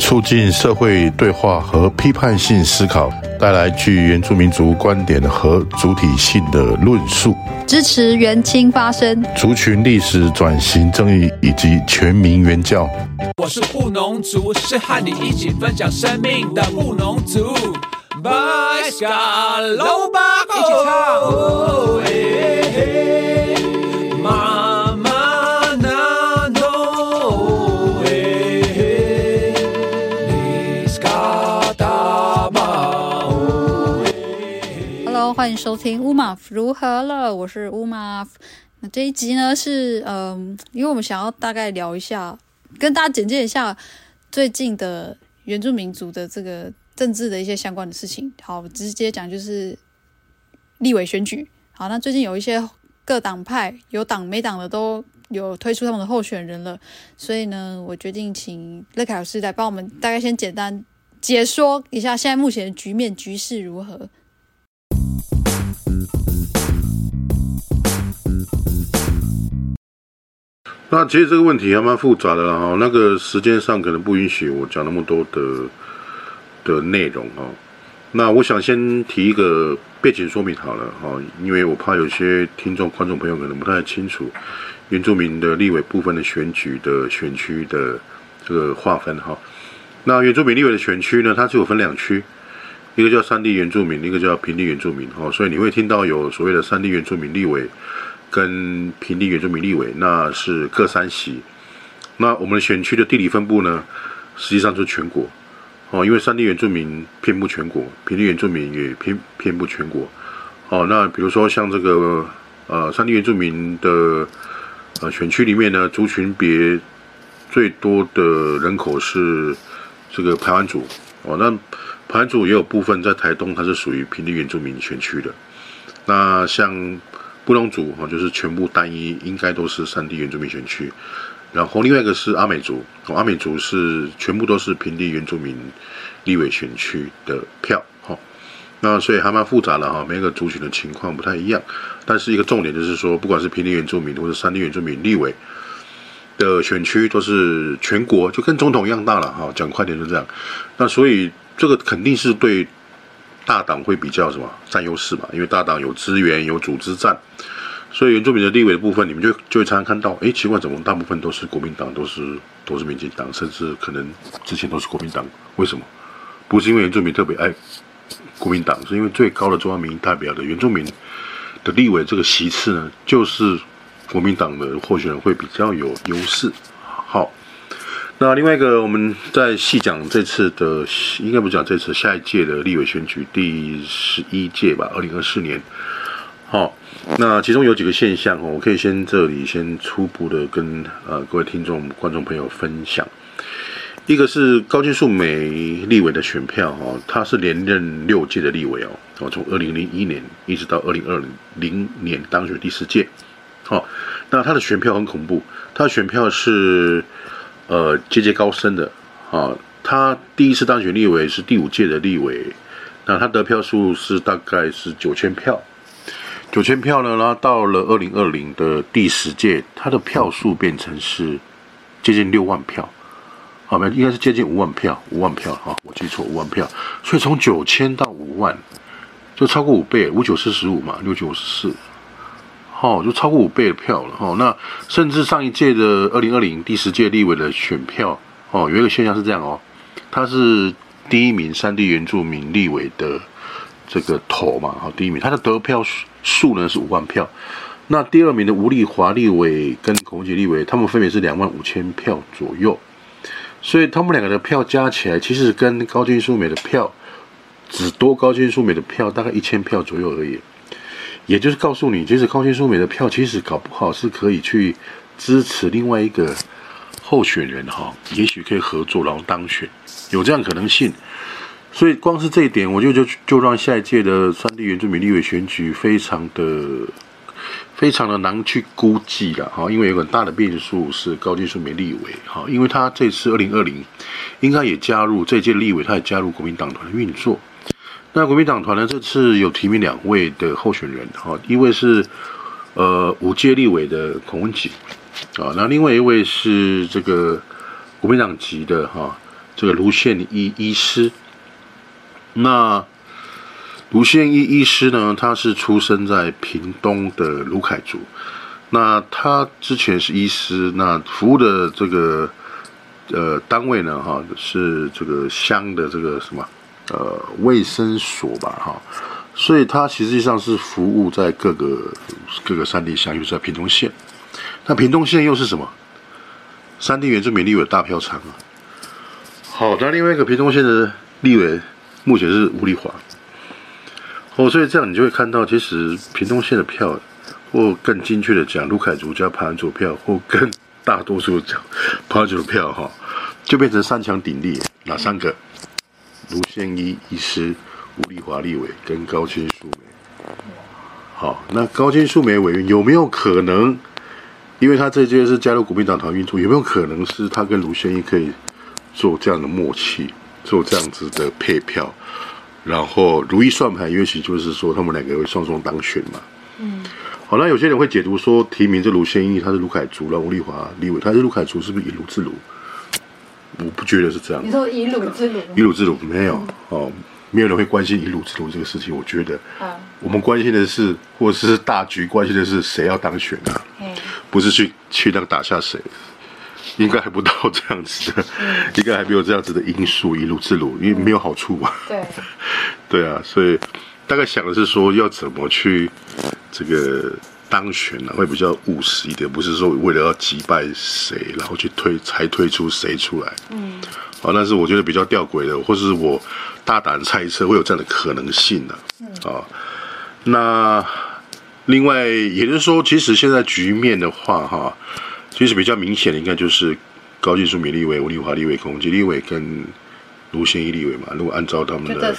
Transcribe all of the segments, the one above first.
促進社會對話和批判性思考，帶來具原住民族觀點和主體性的論述，支持原青發聲，族群歷史轉型正義以及全民原教。我是布農族，是和你一起分享生命的布農族。Bye,、哦、s 一起唱。哦哦歡迎收聽烏瑪夫如何了，我是烏瑪夫。那這一集呢是，嗯、呃，因為我們想要大概聊一下，跟大家簡介一下最近的原住民族的這個政治的一些相關的事情。好，直接講就是立委選舉。好，那最近有一些各黨派有黨沒黨的都有推出他們的候選人了，所以呢，我決定請樂鍇老師來幫我們大概先簡單解說一下現在目前的局面局勢如何。那其實這個問題還蠻複雜的啦，哈，那個時間上可能不允許我講那麼多的的內容，哈。那我想先提一個背景說明好了，哈，因為我怕有些聽眾、觀眾朋友可能不太清楚原住民的立委部分的選舉的選區的這個劃分，哈。那原住民立委的選區呢，它是有分兩區。一個叫山地原住民，一個叫平地原住民哦，所以你會聽到有所謂的山地原住民立委，跟平地原住民立委，那是各三席。那我們的選區的地理分布呢，實際上是全國哦，因為山地原住民遍布全國，平地原住民也偏偏布全國哦。那比如說像這個呃，山地原住民的呃選區裡面呢，族群別最多的人口是這個排灣族哦，那。排族也有部分在台東，它是屬於平地原住民選區的。那像布農族哈，就是全部單一，應該都是山地原住民選區。然後另外一個是阿美族，阿美族是全部都是平地原住民立委選區的票哈。那所以還蠻複雜的哈，每個族群的情況不太一樣。但是一個重點就是說，不管是平地原住民或者山地原住民立委的選區，都是全國就跟總統一樣大了哈。講快點就這樣。那所以。這個肯定是對大黨會比較什麼占優勢嘛？因為大黨有資源、有組織戰，所以原住民的立委的部分，你們就就會常常看到，哎，奇怪，怎麼大部分都是國民黨，都是都是民進黨，甚至可能之前都是國民黨？為什麼？不是因為原住民特別愛國民黨，是因為最高的中央民意代表的原住民的立委這個席次呢，就是國民黨的候選人會比較有優勢。那另外一個，我們再細講這次的。應該不講這次，下一屆的立委選舉，第十一屆吧，二零二四年。好、哦，那其中有幾個現象哦，我可以先這裡先初步的跟呃各位聽眾、觀眾朋友分享。一個是高金素梅立委的選票哈、哦，他是連任六屆的立委哦，哦，從二零零一年一直到二零二零年當選第四屆。好、哦，那他的選票很恐怖，他的選票是。呃，節節高升的啊！他第一次當選立委是第五屆的立委，那他得票數是大概是九千票。九千票呢，然後到了二零二零的第十屆，他的票數變成是接近六萬票，好、啊、沒應該是接近五萬票，五萬票哈、啊，我記錯五萬票。所以從九千到五萬，就超過五倍，五九四十五嘛，六九五十四。哦，就超過五倍的票了哦。那甚至上一屆的二零二零第十屆立委的選票哦，有一個現象是這樣哦，他是第一名山地原住民立委的這個頭嘛，哦，第一名他的得票數呢是五萬票，那第二名的伍麗華立委跟孔吉立委，他們分別是兩萬五千票左右，所以他們兩個的票加起來，其實跟高金素梅的票只多高金素梅的票大概一千票左右而已。也就是告訴你，即使高金素梅的票，其實搞不好是可以去支持另外一個候選人哈，也許可以合作，然後當選，有這樣可能性。所以光是這一點，我就就就讓下一屆的山地原住民立委選舉非常的非常的難去估計了哈，因為有很大的變數是高金素梅立委哈，因為她這次二零二零應該也加入這屆立委，她也加入國民黨團運作。那國民黨團呢？這次有提名兩位的候選人，哈，一位是呃五屆立委的孔文吉，啊，那另外一位是這個國民黨籍的哈、啊，這個盧憲一醫、醫師。那盧憲一醫、醫師呢，他是出生在屏東的魯凱族，那他之前是醫師，那服務的這個呃單位呢，哈、啊，是這個鄉的這個什麼？呃，衛生所吧，哈、哦，所以它，其實際上是服務在各個各個山地鄉，就是在屏東縣。那屏東縣又是什麼？山地原住民立委大票倉啊。好，那另外一個屏東縣的立委目前是伍麗華。哦，所以這樣你就會看到，其實屏東縣的票，或更精確的講，魯凱族加排灣族票，或更大多數講排灣族票，哈、哦，就變成三強鼎立，哪三個？嗯盧縣一醫師、伍麗華立委跟高金素梅，好，那高金素梅委員有沒有可能？因為他這屆是加入國民黨團運作，有沒有可能是他跟盧縣一可以做這樣的默契，做這樣子的配票，然後如意算盤，也許就是說他們兩個會雙雙當選嘛。好，那有些人會解讀說，提名這盧縣一他是魯凱族然後，伍麗華立委，他是魯凱族是不是以魯治魯？我不覺得是這樣的。你說以魯制魯？以魯制魯沒有、嗯、哦，沒有人會關心以魯制魯這個事情。我覺得，我們關心的是、啊，或者是大局關心的是誰要當選啊？不是去去那個打下誰，應該還不到這樣子的，嗯、應該還沒有這樣子的因素以魯制魯，因為沒有好處嘛。嗯、 對，對啊，所以大概想的是說要怎麼去這個。當選了、啊、會比較務實一點，不是說為了要擊敗誰，然後去推才推出誰出來。嗯，好，但是我覺得比較吊詭的，或是我大膽猜測會有這樣的可能性的、啊。嗯，啊，那另外也就是說，其實現在局面的話，哈，其實比較明顯的應該就是高金素梅立委、伍麗華立委、孔文吉立委跟盧縣一立委嘛。如果按照他們的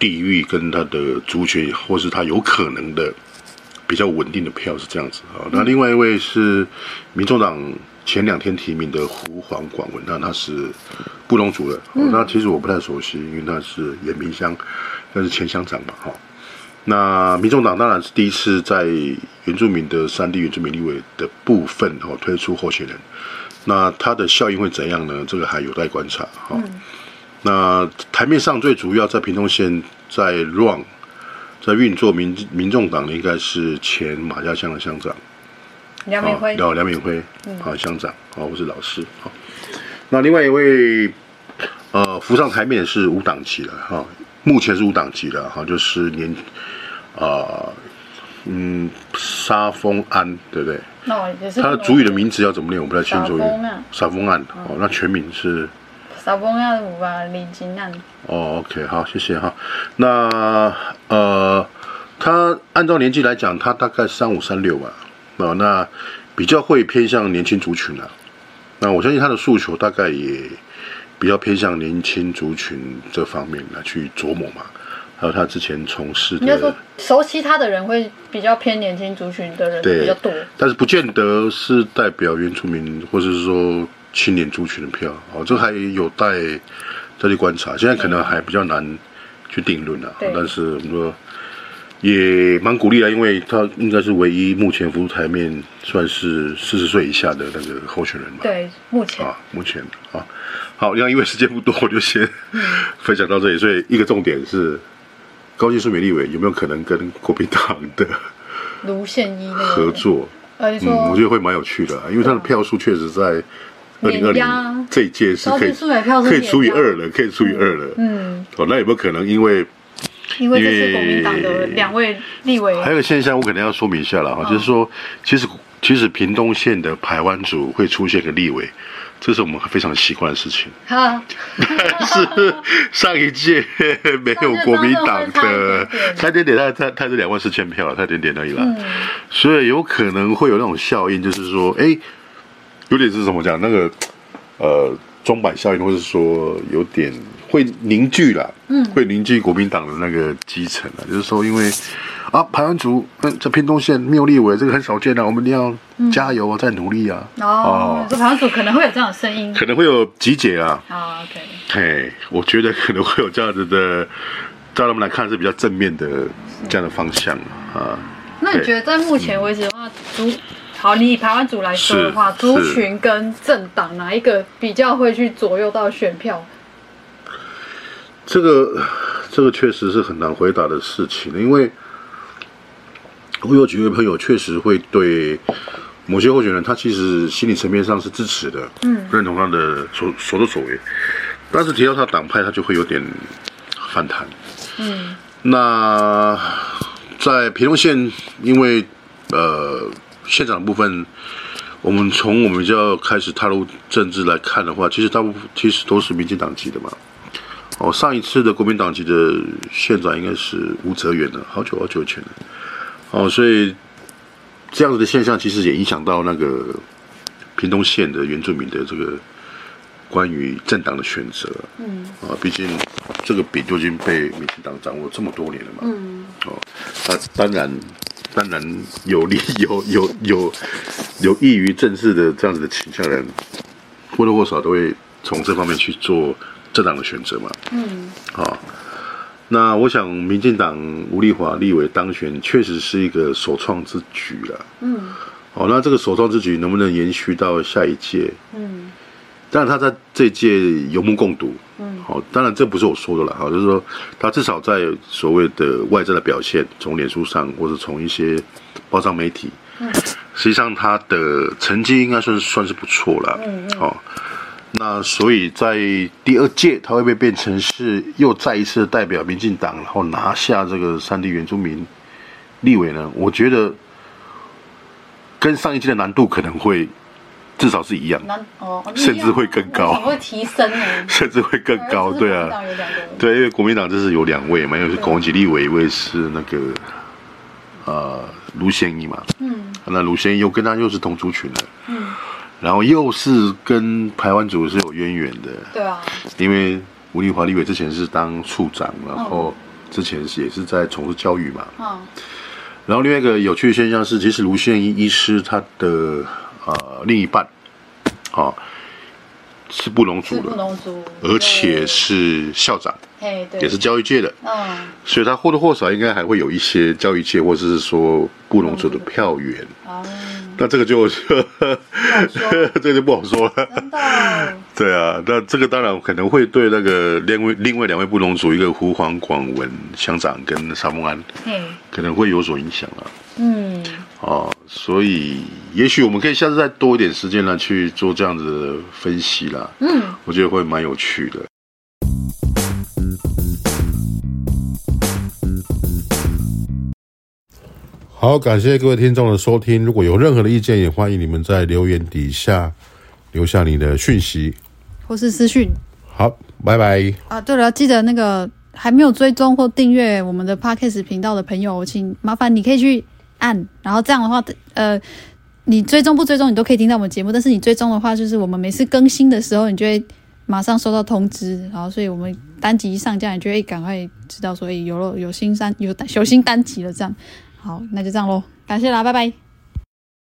地域跟他的族群，或是他有可能的。比較穩定的票是這樣子啊、嗯，那另外一位是，民眾黨前兩天提名的胡黃廣文，那他是布農族的、嗯哦，那其實我不太熟悉，因為他是延平鄉，那是前鄉長嘛哈。那民眾黨當然是第一次在原住民的山地原住民立委的部分哦推出候選人，那他的效應會怎樣呢？這個還有待觀察哈、嗯。那台面上最主要在屏東縣在亂。在運作民民眾黨的應該是前馬家鄉的鄉長，梁明輝。哦、啊，梁明輝，好、嗯、鄉、啊、長，好、啊、我是老師。好、啊，那另外一位，呃，浮上台面是無黨籍的哈、啊，目前是無黨籍的哈、啊，就是年啊，嗯，沙峰安對不對？那、哦、就是。他的族語的名字要怎麼念？我不太清楚。沙豐案、啊。沙哦，哦，那全名是。沙豐案五八零金二。哦，OK，好，謝謝哈。那。呃，他按照年紀來講，他大概三五三六吧，啊、呃，那比較會偏向年輕族群啊，那我相信他的訴求大概也比較偏向年輕族群這方面來去琢磨嘛。還有他之前從事的，應該說熟悉他的人會比較偏年輕族群的人比較多，但是不見得是代表原住民或者是說青年族群的票哦、呃，這還有待再去觀察。現在可能還比較難、嗯。去定論了，但是我們說也蠻鼓勵的，因為他應該是唯一目前浮出檯面算是四十歲以下的那個候選人嘛。對，目前啊，目前啊，好，那因為時間不多，我就先分享到這裡。嗯、所以一個重點是，高金素梅立委有沒有可能跟國民黨的盧縣一合作？嗯，我覺得會蠻有趣的，因為他的票數確實在。二零二零這一屆是可以，可以除以二了，可以除以二了嗯。嗯，哦，那有沒有可能因為因為國民黨的兩位立委？還有個現象，我可能要說明一下了哈，就是說，其實其實屏東縣的排灣族會出現個立委，這是我們非常習慣的事情。哈，但是上一屆沒有國民黨的，差點點他他他是兩萬四千票了，差點點到一啦。所以有可能會有那種效應，就是說，哎、欸。有點是什麼講？那個，呃，鐘擺效應，或者說有點會凝聚了，嗯，會凝聚國民黨的那個基層了。就是說，因為啊，排灣族在，呃、屏東縣妙立委這個很少見了，啊，我們一定要加油啊，嗯、再努力啊。哦，這，哦嗯、排灣族可能會有這樣的聲音，可能會有集結啊。好 OK 嘿，我覺得可能會有這樣子的，照他們來看是比較正面的這樣的方向啊，啊。那你覺得在目前為止的話，都，嗯好，你以排灣族來說的話，族群跟政黨哪一個比較會去左右到選票？這個，這個確實是很難回答的事情，因為，我有幾位朋友確實會對某些候選人，他其實心理層面上是支持的，嗯，認同他的所所作所為，但是提到他黨派，他就會有點反彈，嗯，那在屏東縣，因為呃。縣長的部分，我們從我們就要開始踏入政治來看的話，其實大部分其實都是民進黨籍的嘛。哦，上一次的國民黨籍的縣長應該是伍澤元了，好久好久前了。哦，所以這樣子的現象其實也影響到那個屏東縣的原住民的這個關於政黨的選擇。嗯。啊，畢竟這個餅就已經被民進黨掌握這麼多年了嘛。嗯、啊。哦，那當然。當然有利有有有有，有益於政治的這樣子的傾向人，或多或少都會從這方面去做政黨的選擇嘛。嗯，好、哦，那我想民進黨伍麗華立委當選確實是一個首創之舉了。嗯，好、哦，那這個首創之舉能不能延續到下一屆？嗯，但他在這屆有目共睹。嗯哦，當然這不是我說的了，哈，就是說他至少在所謂的外在的表現，從臉書上或者從一些報章媒體，實際上他的成績應該算是算是不錯了。嗯好、嗯哦，那所以在第二屆，他會不會變成是又再一次代表民進黨，然後拿下這個山地原住民立委呢？我覺得跟上一屆的難度可能會。至少是一樣、哦、一樣，甚至會更高，會提升呢甚至會更高，呃，對啊，對，因為國民黨就是有兩位嘛，因為國是有是孔文吉立委，一位是那個，呃，盧縣一嘛，嗯，那盧縣一又跟他又是同族群的，嗯，然後又是跟排灣族是有淵源的，對、嗯、啊，因為伍麗華立委之前是當處長，然後之前是也是在從事教育嘛，嗯，嗯，然後另外一個有趣的現象是，其實盧縣一醫師他的。啊、呃，另一半，哦、是布農族的，而且是校長，也是教育界的，嗯、所以他或多或少應該還會有一些教育界或者是說布農族的票源，嗯，那這個就，嗯呵呵呵呵，這就不好說了，哦呵呵，對啊，那這個當然可能會對那個另外另外兩位布農族，一個胡黃廣文鄉長跟沙門安，可能會有所影響啊，嗯。哦，所以也許我們可以下次再多一點時間來去做這樣子的分析啦。嗯，我覺得會蠻有趣的。好，感謝各位聽眾的收聽。如果有任何的意見，也歡迎你們在留言底下留下你的訊息或是私訊。好，拜拜。啊，對了，記得那個還沒有追蹤或訂閱我們的 Podcast 頻道的朋友，請麻煩你可以去。按，然後這樣的話，呃，你追蹤不追蹤，你都可以聽到我們節目。但是你追蹤的話，就是我們每次更新的時候，你就會馬上收到通知。然後，所以我們單集一上架，你就會趕快知道，說、欸、有了有新三，有、有新單集了。這樣，好，那就這樣咯，感謝啦，拜拜。